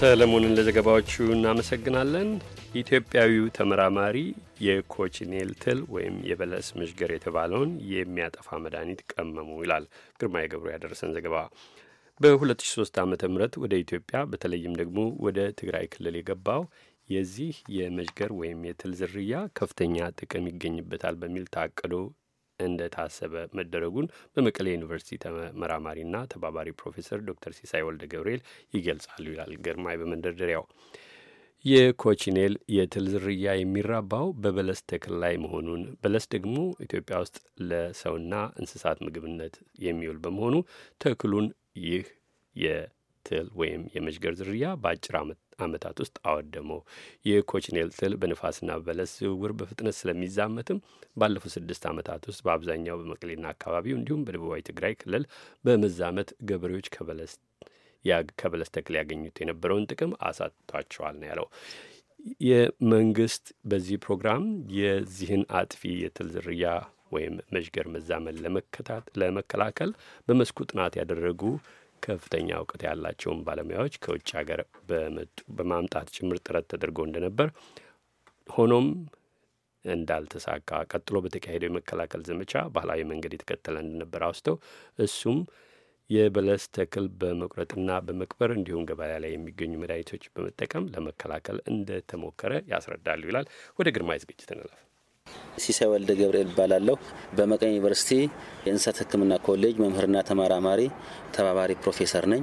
ሰለሞንን ለዘገባዎቹ እናመሰግናለን። ኢትዮጵያዊው ተመራማሪ የኮችኔል ትል ወይም የበለስ መዥገር የተባለውን የሚያጠፋ መድኃኒት ቀመሙ ይላል ግርማ ገብሩ ያደረሰን ዘገባ። በ2003 ዓ ም ወደ ኢትዮጵያ በተለይም ደግሞ ወደ ትግራይ ክልል የገባው የዚህ የመዥገር ወይም የትል ዝርያ ከፍተኛ ጥቅም ይገኝበታል በሚል ታቅዶ እንደታሰበ መደረጉን በመቀሌ ዩኒቨርሲቲ ተመራማሪና ተባባሪ ፕሮፌሰር ዶክተር ሲሳይ ወልደ ገብርኤል ይገልጻሉ ይላል ግርማይ በመንደርደሪያው። የኮቺኔል የትል ዝርያ የሚራባው በበለስ ተክል ላይ መሆኑን በለስ ደግሞ ኢትዮጵያ ውስጥ ለሰውና እንስሳት ምግብነት የሚውል በመሆኑ ተክሉን ይህ የትል ወይም የመዥገር ዝርያ በአጭር ዓመት ዓመታት ውስጥ አወደመው። የኮችኔል ትል በንፋስና በለስ ዝውውር በፍጥነት ስለሚዛመትም ባለፉት ስድስት ዓመታት ውስጥ በአብዛኛው በመቀሌና አካባቢው እንዲሁም በደቡባዊ ትግራይ ክልል በመዛመት ገበሬዎች ከበለስ ከበለስ ተክል ያገኙት የነበረውን ጥቅም አሳጥቷቸዋል ነው ያለው። የመንግስት በዚህ ፕሮግራም የዚህን አጥፊ የትል ዝርያ ወይም መዥገር መዛመን ለመከላከል በመስኩ ጥናት ያደረጉ ከፍተኛ እውቀት ያላቸውን ባለሙያዎች ከውጭ ሀገር በማምጣት ጭምር ጥረት ተደርጎ እንደነበር ሆኖም እንዳልተሳካ ቀጥሎ በተካሄደው የመከላከል ዘመቻ ባህላዊ መንገድ የተከተለ እንደነበር አውስተው እሱም የበለስ ተክል በመቁረጥና በመቅበር እንዲሁም ገበያ ላይ የሚገኙ መድኃኒቶች በመጠቀም ለመከላከል እንደተሞከረ ያስረዳሉ ይላል። ወደ ግርማይ ዝግጅት እንለፍ። ሲሳይ ወልደ ገብርኤል እባላለሁ። በመቀኝ ዩኒቨርሲቲ የእንስሳት ሕክምና ኮሌጅ መምህርና ተመራማሪ ተባባሪ ፕሮፌሰር ነኝ።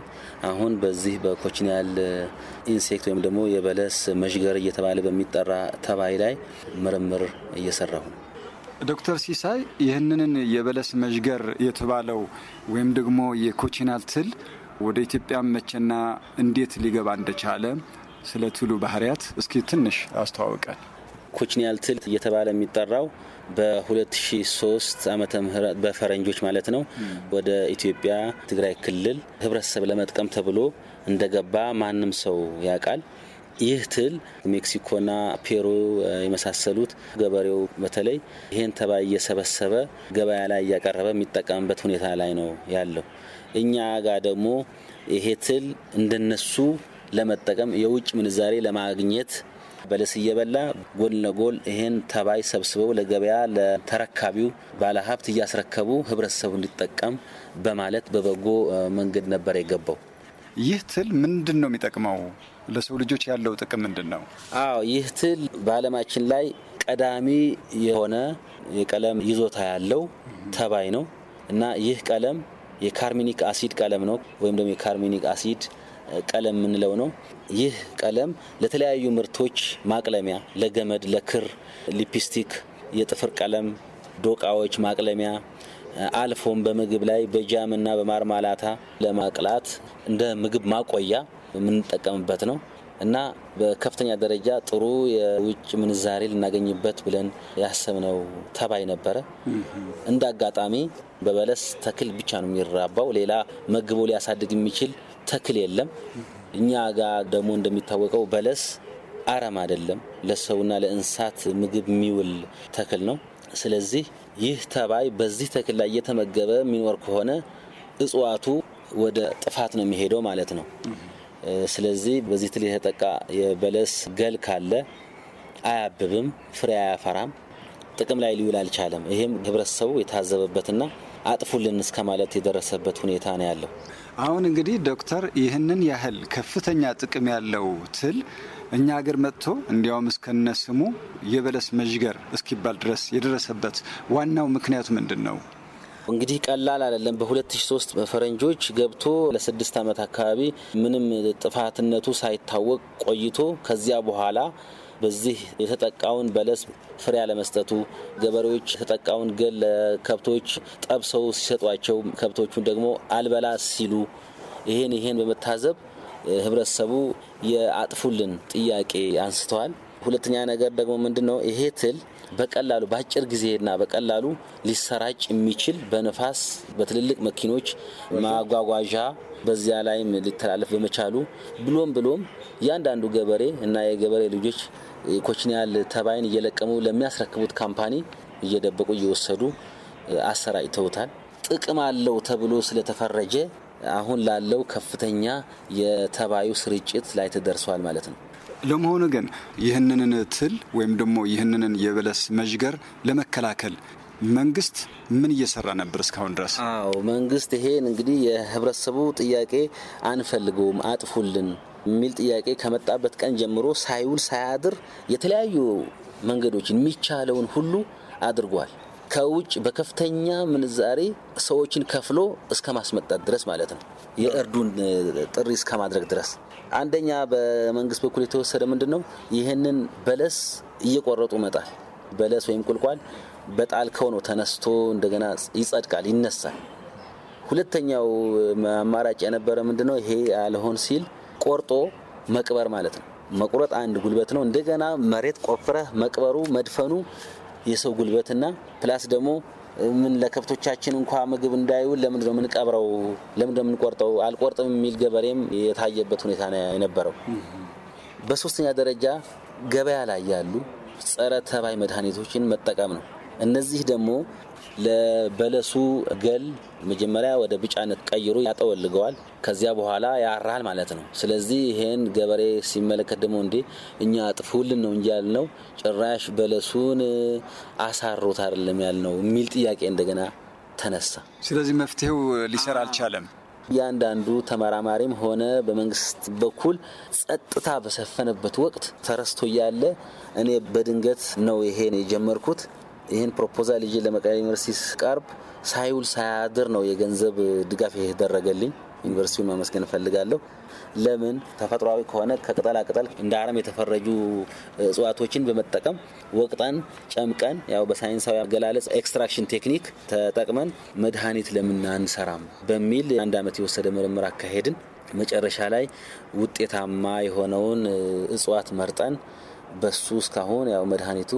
አሁን በዚህ በኮችኒያል ኢንሴክት ወይም ደግሞ የበለስ መዥገር እየተባለ በሚጠራ ተባይ ላይ ምርምር እየሰራሁ ነው። ዶክተር ሲሳይ ይህንን የበለስ መዥገር የተባለው ወይም ደግሞ የኮችናል ትል ወደ ኢትዮጵያ መቼና እንዴት ሊገባ እንደቻለ ስለ ትሉ ባህሪያት እስኪ ትንሽ አስተዋውቃል። ኮችኒያል ትል እየተባለ የሚጠራው በ2003 ዓመተ ምህረት በፈረንጆች ማለት ነው ወደ ኢትዮጵያ ትግራይ ክልል ህብረተሰብ ለመጥቀም ተብሎ እንደገባ ማንም ሰው ያውቃል። ይህ ትል ሜክሲኮና ፔሩ የመሳሰሉት ገበሬው በተለይ ይህን ተባይ እየሰበሰበ ገበያ ላይ እያቀረበ የሚጠቀምበት ሁኔታ ላይ ነው ያለው። እኛ ጋር ደግሞ ይሄ ትል እንደነሱ ለመጠቀም የውጭ ምንዛሬ ለማግኘት በለስ እየበላ ጎን ለጎን ይሄን ተባይ ሰብስበው ለገበያ ለተረካቢው ባለሀብት እያስረከቡ ህብረተሰቡ እንዲጠቀም በማለት በበጎ መንገድ ነበር የገባው። ይህ ትል ምንድን ነው የሚጠቅመው? ለሰው ልጆች ያለው ጥቅም ምንድን ነው? አዎ ይህ ትል በዓለማችን ላይ ቀዳሚ የሆነ የቀለም ይዞታ ያለው ተባይ ነው እና ይህ ቀለም የካርሚኒክ አሲድ ቀለም ነው ወይም ደግሞ የካርሚኒክ አሲድ ቀለም የምንለው ነው። ይህ ቀለም ለተለያዩ ምርቶች ማቅለሚያ፣ ለገመድ፣ ለክር፣ ሊፕስቲክ፣ የጥፍር ቀለም፣ ዶቃዎች ማቅለሚያ አልፎም በምግብ ላይ በጃም እና በማርማላታ ለማቅላት እንደ ምግብ ማቆያ የምንጠቀምበት ነው እና በከፍተኛ ደረጃ ጥሩ የውጭ ምንዛሬ ልናገኝበት ብለን ያሰብነው ተባይ ነበረ። እንደ አጋጣሚ በበለስ ተክል ብቻ ነው የሚራባው። ሌላ መግቦ ሊያሳድግ የሚችል ተክል የለም። እኛ ጋር ደግሞ እንደሚታወቀው በለስ አረም አይደለም፣ ለሰውና ለእንስሳት ምግብ የሚውል ተክል ነው። ስለዚህ ይህ ተባይ በዚህ ተክል ላይ እየተመገበ የሚኖር ከሆነ እጽዋቱ ወደ ጥፋት ነው የሚሄደው ማለት ነው። ስለዚህ በዚህ ትል የተጠቃ የበለስ ገል ካለ አያብብም፣ ፍሬ አያፈራም። ጥቅም ላይ ሊውል አልቻለም። ይህም ህብረተሰቡ የታዘበበትና አጥፉልን እስከ ማለት የደረሰበት ሁኔታ ነው ያለው። አሁን እንግዲህ ዶክተር ይህንን ያህል ከፍተኛ ጥቅም ያለው ትል እኛ ሀገር መጥቶ እንዲያውም እስከነ ስሙ የበለስ መዥገር እስኪባል ድረስ የደረሰበት ዋናው ምክንያቱ ምንድን ነው? እንግዲህ ቀላል አይደለም። በ2003 ፈረንጆች ገብቶ ለስድስት ዓመት አካባቢ ምንም ጥፋትነቱ ሳይታወቅ ቆይቶ ከዚያ በኋላ በዚህ የተጠቃውን በለስ ፍሬ አለመስጠቱ ገበሬዎች የተጠቃውን ገል ለከብቶች ጠብሰው ሲሰጧቸው ከብቶቹን ደግሞ አልበላ ሲሉ ይሄን ይሄን በመታዘብ ህብረተሰቡ የአጥፉልን ጥያቄ አንስተዋል። ሁለተኛ ነገር ደግሞ ምንድን ነው ይሄ ትል በቀላሉ በአጭር ጊዜና በቀላሉ ሊሰራጭ የሚችል በነፋስ በትልልቅ መኪኖች ማጓጓዣ በዚያ ላይም ሊተላለፍ በመቻሉ ብሎም ብሎም እያንዳንዱ ገበሬ እና የገበሬ ልጆች ኮችኒያል ተባይን እየለቀሙ ለሚያስረክቡት ካምፓኒ እየደበቁ እየወሰዱ አሰራጭተውታል። ጥቅም አለው ተብሎ ስለተፈረጀ አሁን ላለው ከፍተኛ የተባዩ ስርጭት ላይ ተደርሷል ማለት ነው። ለመሆኑ ግን ይህንን ትል ወይም ደግሞ ይህንን የበለስ መዥገር ለመከላከል መንግስት ምን እየሰራ ነበር እስካሁን ድረስ? አዎ መንግስት ይሄን እንግዲህ የህብረተሰቡ ጥያቄ አንፈልገውም አጥፉልን የሚል ጥያቄ ከመጣበት ቀን ጀምሮ ሳይውል ሳያድር የተለያዩ መንገዶችን የሚቻለውን ሁሉ አድርጓል። ከውጭ በከፍተኛ ምንዛሬ ሰዎችን ከፍሎ እስከ ማስመጣት ድረስ ማለት ነው። የእርዱን ጥሪ እስከ ማድረግ ድረስ አንደኛ በመንግስት በኩል የተወሰደ ምንድን ነው? ይህንን በለስ እየቆረጡ መጣል በለስ ወይም ቁልቋል በጣልከው ነው ተነስቶ እንደገና ይጸድቃል፣ ይነሳል። ሁለተኛው አማራጭ የነበረ ምንድን ነው? ይሄ ያልሆን ሲል ቆርጦ መቅበር ማለት ነው። መቁረጥ አንድ ጉልበት ነው። እንደገና መሬት ቆፍረህ መቅበሩ መድፈኑ የሰው ጉልበትና ፕላስ ደግሞ ምን ለከብቶቻችን እንኳ ምግብ እንዳይውል ለምን ነው የምንቀብረው? ለምን ነው የምንቆርጠው? አልቆርጥም የሚል ገበሬም የታየበት ሁኔታ ነው የነበረው። በሶስተኛ ደረጃ ገበያ ላይ ያሉ ጸረ ተባይ መድኃኒቶችን መጠቀም ነው። እነዚህ ደግሞ ለበለሱ ገል መጀመሪያ ወደ ቢጫነት ቀይሮ ያጠወልገዋል። ከዚያ በኋላ ያራል ማለት ነው። ስለዚህ ይሄን ገበሬ ሲመለከት ደግሞ እንዴ እኛ አጥፉልን ነው እንጂ ያልነው ጭራሽ በለሱን አሳሮት አይደለም ያልነው የሚል ጥያቄ እንደገና ተነሳ። ስለዚህ መፍትሄው ሊሰራ አልቻለም። እያንዳንዱ ተመራማሪም ሆነ በመንግስት በኩል ጸጥታ በሰፈነበት ወቅት ተረስቶ እያለ እኔ በድንገት ነው ይሄን የጀመርኩት ይህን ፕሮፖዛል ይዤ ለመቀሌ ዩኒቨርሲቲ ስቀርብ ሳይውል ሳያድር ነው የገንዘብ ድጋፍ የተደረገልኝ። ዩኒቨርሲቲውን ማመስገን እፈልጋለሁ። ለምን ተፈጥሯዊ ከሆነ ከቅጠላ ቅጠል እንደ አረም የተፈረጁ እጽዋቶችን በመጠቀም ወቅጠን ጨምቀን፣ ያው በሳይንሳዊ አገላለጽ ኤክስትራክሽን ቴክኒክ ተጠቅመን መድኃኒት ለምን አንሰራም በሚል አንድ ዓመት የወሰደ ምርምር አካሄድን። መጨረሻ ላይ ውጤታማ የሆነውን እጽዋት መርጠን በሱ እስካሁን ያው መድኃኒቱ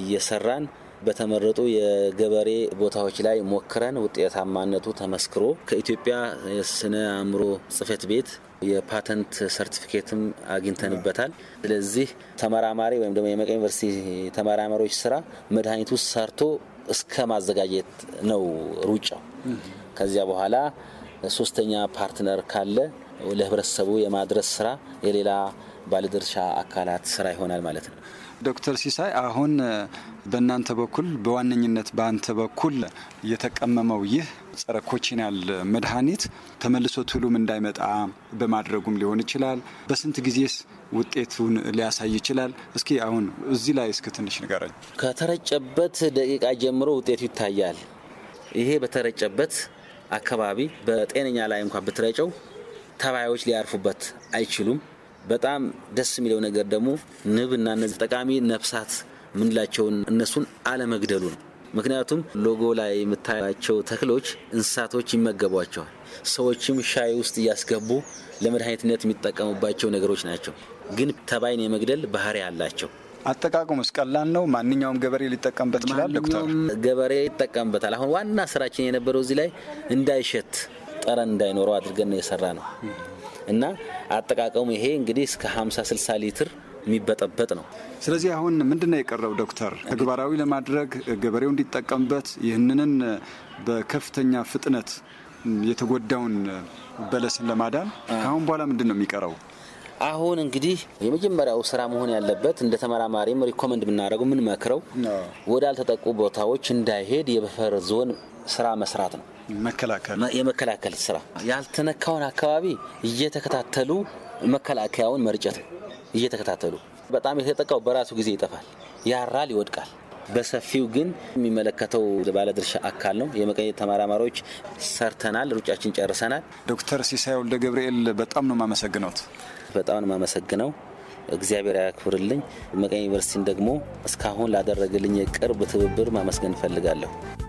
እየሰራን በተመረጡ የገበሬ ቦታዎች ላይ ሞክረን ውጤታማነቱ ተመስክሮ ከኢትዮጵያ የስነ አእምሮ ጽህፈት ቤት የፓተንት ሰርቲፊኬትም አግኝተንበታል። ስለዚህ ተመራማሪ ወይም ደግሞ የመቀ ዩኒቨርሲቲ ተመራማሪዎች ስራ መድኃኒቱ ሰርቶ እስከ ማዘጋጀት ነው ሩጫው። ከዚያ በኋላ ሶስተኛ ፓርትነር ካለ ለህብረተሰቡ የማድረስ ስራ የሌላ ባለድርሻ አካላት ስራ ይሆናል ማለት ነው። ዶክተር ሲሳይ አሁን በእናንተ በኩል በዋነኝነት በአንተ በኩል የተቀመመው ይህ ጸረ ኮቺናል መድኃኒት ተመልሶ ትሉም እንዳይመጣ በማድረጉም ሊሆን ይችላል። በስንት ጊዜስ ውጤቱን ሊያሳይ ይችላል? እስኪ አሁን እዚህ ላይ እስክ ትንሽ ንገረኝ። ከተረጨበት ደቂቃ ጀምሮ ውጤቱ ይታያል። ይሄ በተረጨበት አካባቢ በጤነኛ ላይ እንኳን ብትረጨው ተባዮች ሊያርፉበት አይችሉም። በጣም ደስ የሚለው ነገር ደግሞ ንብና እነዚህ ጠቃሚ ነፍሳት ምንላቸውን እነሱን አለመግደሉ ነው። ምክንያቱም ሎጎ ላይ የምታያቸው ተክሎች እንስሳቶች ይመገቧቸዋል። ሰዎችም ሻይ ውስጥ እያስገቡ ለመድኃኒትነት የሚጠቀሙባቸው ነገሮች ናቸው። ግን ተባይን የመግደል ባህሪ አላቸው። አጠቃቀሙስ ቀላል ነው። ማንኛውም ገበሬ ሊጠቀምበት ይችላል። ዶክተር ገበሬ ይጠቀምበታል። አሁን ዋና ስራችን የነበረው እዚህ ላይ እንዳይሸት ጠረን እንዳይኖረው አድርገን ነው የሰራ ነው። እና አጠቃቀሙ ይሄ እንግዲህ እስከ 50 60 ሊትር የሚበጠበጥ ነው። ስለዚህ አሁን ምንድን ነው የቀረው ዶክተር ተግባራዊ ለማድረግ ገበሬው እንዲጠቀምበት ይህንንን በከፍተኛ ፍጥነት የተጎዳውን በለስን ለማዳን ከአሁን በኋላ ምንድን ነው የሚቀረው? አሁን እንግዲህ የመጀመሪያው ስራ መሆን ያለበት እንደ ተመራማሪም ሪኮመንድ የምናደርገው የምንመክረው ወደ አልተጠቁ ቦታዎች እንዳይሄድ የበፈር ዞን ስራ መስራት ነው። የመከላከል ስራ ያልተነካውን አካባቢ እየተከታተሉ መከላከያውን መርጨት እየተከታተሉ በጣም የተጠቃው በራሱ ጊዜ ይጠፋል፣ ያራል፣ ይወድቃል። በሰፊው ግን የሚመለከተው ባለድርሻ አካል ነው። የመቀኘት ተመራማሪዎች ሰርተናል፣ ሩጫችን ጨርሰናል። ዶክተር ሲሳይ ወልደ ገብርኤል በጣም ነው የማመሰግነውት። በጣም ነው የማመሰግነው። እግዚአብሔር ያክብርልኝ። መቀኝ ዩኒቨርሲቲን ደግሞ እስካሁን ላደረገልኝ የቅርብ ትብብር ማመስገን እፈልጋለሁ።